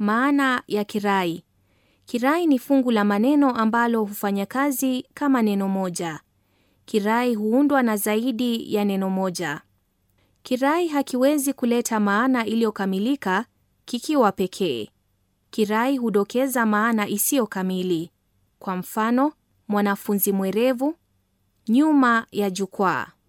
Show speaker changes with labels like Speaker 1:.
Speaker 1: Maana ya kirai. Kirai ni fungu la maneno ambalo hufanya kazi kama neno moja. Kirai huundwa na zaidi ya neno moja. Kirai hakiwezi kuleta maana iliyokamilika kikiwa pekee. Kirai hudokeza maana isiyo kamili. Kwa mfano, mwanafunzi mwerevu nyuma ya jukwaa.